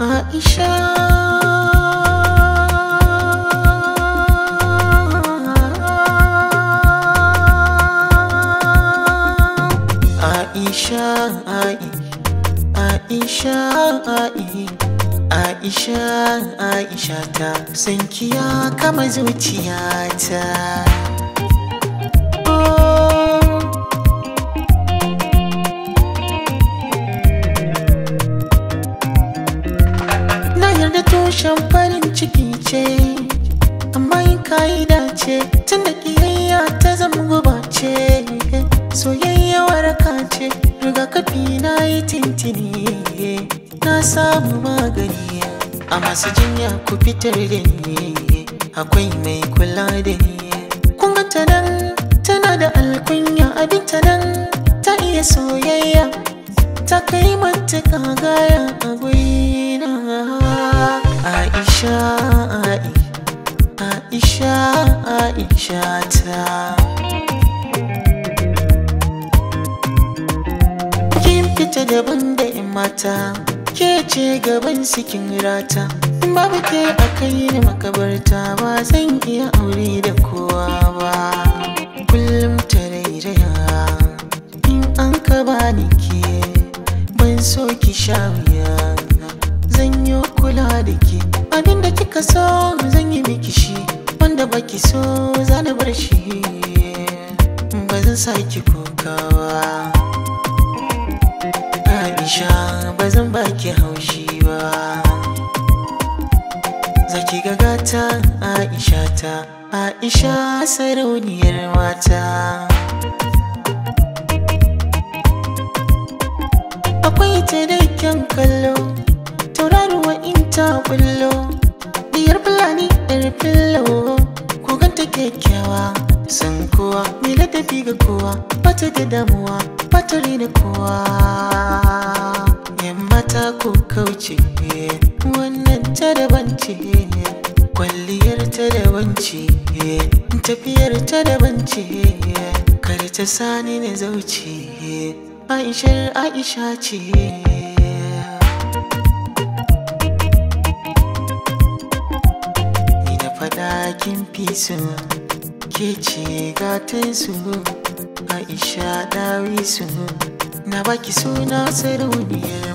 Aisha Aisha Aisha Aisha Aisha ta sanki ya kama zuciyata da tushen farin ciki ce amma yin ka'ida ce tun da ƙiyayya ta zama guba ce soyayya waraka ce rigakafi na yi tintini na samu magani a masu jinya ku fitar da ni akwai mai kula da ni kun ga ta nan tana da alkunya abin ta nan ta iya soyayya ta kai mata gaya a gurina Aisha Aisha Aisha ta Kin fita daban da mata ke ce gaban sikin rata in babu ke a ni makabarta ba zan iya aure da kowa ba kullum ta in an ka bani ke ban so ki sha wuya na da ke abinda kika so zan yi miki shi wanda baki so za na bar shi ba zan saki kokawa Aisha ba zan baki haushi ba Zaki ki gata Aisha ta Aisha sarauniyar mata Akwai ta da kyan kallo ta bullo diyar fulani yar fillo ku ganta kyakkyawa san kowa mai ladabi ga kowa bata da damuwa bata rina kowa yamma ta ku kauce wannan ta daban ce kwalliyar ta daban ce tafiyar ta daban ce kar ta sani na zauce aishar aisha ce kin fi ke ce gatan su aisha dawi su na baki suna sarauniya